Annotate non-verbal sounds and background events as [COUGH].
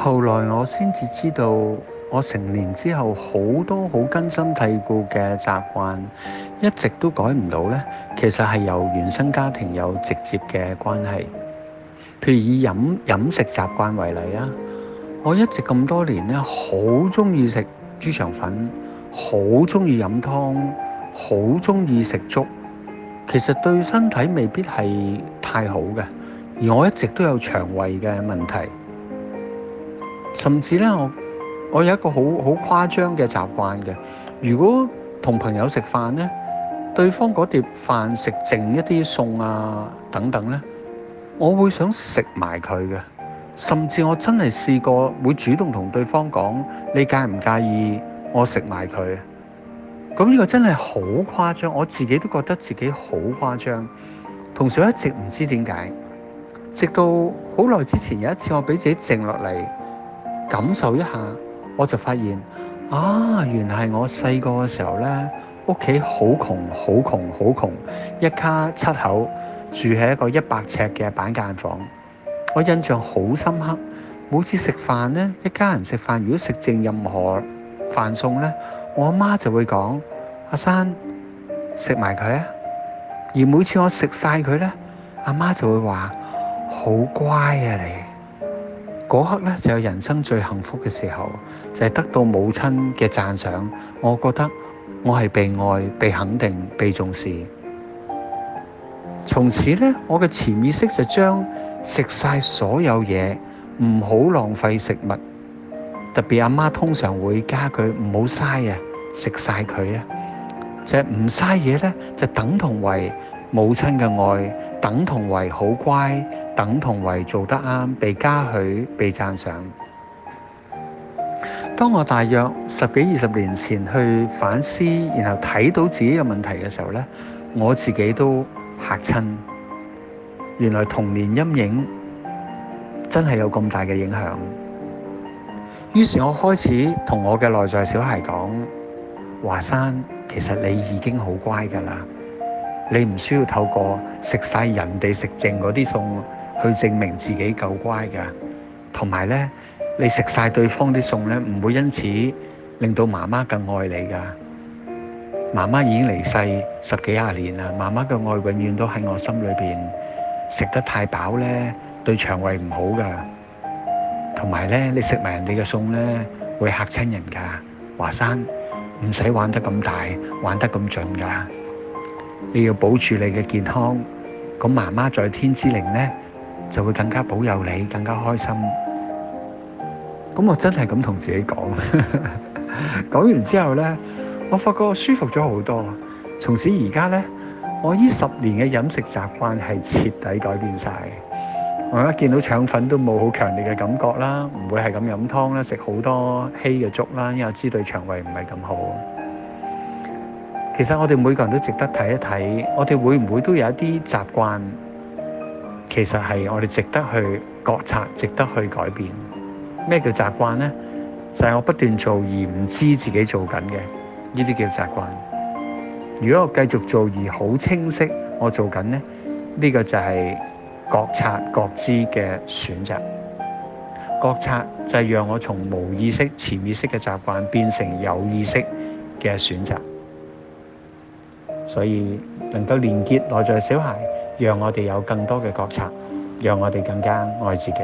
後來我先至知道，我成年之後好多好根深蒂固嘅習慣一直都改唔到呢，其實係由原生家庭有直接嘅關係。譬如以飲飲食習慣為例啊，我一直咁多年咧，好中意食豬腸粉，好中意飲湯，好中意食粥。其實對身體未必係太好嘅，而我一直都有腸胃嘅問題。甚至咧，我我有一個好好誇張嘅習慣嘅。如果同朋友食飯呢，對方嗰碟飯食剩一啲餸啊等等呢，我會想食埋佢嘅。甚至我真係試過會主動同對方講：你介唔介意我食埋佢？咁呢個真係好誇張，我自己都覺得自己好誇張。同時一直唔知點解，直到好耐之前有一次，我俾自己剩落嚟。感受一下，我就發現啊，原來我細個嘅時候咧，屋企好窮，好窮，好窮，一家七口住喺一個一百尺嘅板間房。我印象好深刻，每次食飯咧，一家人食飯，如果食剩任何飯餸咧，我阿媽就會講：阿珊，食埋佢啊！而每次我食晒佢咧，阿媽就會話：好乖啊，你！嗰刻咧就有人生最幸福嘅時候，就係得到母親嘅讚賞。我覺得我係被愛、被肯定、被重視。從此咧，我嘅潛意識就將食晒所有嘢，唔好浪費食物。特別阿媽通常會加句唔好嘥啊，食晒佢啊。就係唔嘥嘢咧，就等同為母親嘅愛，等同為好乖。等同為做得啱，被嘉許，被讚賞。當我大約十幾二十年前去反思，然後睇到自己嘅問題嘅時候呢，我自己都嚇親。原來童年陰影真係有咁大嘅影響。於是，我開始同我嘅內在小孩講：華山，其實你已經好乖㗎啦，你唔需要透過食晒人哋食剩嗰啲餸。去證明自己夠乖㗎，同埋呢，你食晒對方啲餸咧，唔會因此令到媽媽更愛你㗎。媽媽已經離世十幾廿年啦，媽媽嘅愛永遠都喺我心裏邊。食得太飽呢，對腸胃唔好㗎。同埋呢，你食埋人哋嘅餸咧，會嚇親人㗎。華山唔使玩得咁大，玩得咁盡㗎。你要保住你嘅健康。咁媽媽在天之靈呢，就會更加保佑你，更加開心。咁我真係咁同自己講，講 [LAUGHS] 完之後呢，我發覺我舒服咗好多。從此而家呢，我依十年嘅飲食習慣係徹底改變晒。我一見到腸粉都冇好強烈嘅感覺啦，唔會係咁飲湯啦，食好多稀嘅粥啦，因為我知道腸胃唔係咁好。其實我哋每個人都值得睇一睇，我哋會唔會都有一啲習慣？其實係我哋值得去覺察、值得去改變。咩叫習慣呢？就係我不斷做而唔知自己做緊嘅，呢啲叫習慣。如果我繼續做而好清晰我做緊呢，呢個就係覺察覺知嘅選擇。覺察就係讓我從無意識、潛意識嘅習慣變成有意識嘅選擇。所以能夠連結內在小孩。讓我哋有更多嘅覺察，讓我哋更加愛自己。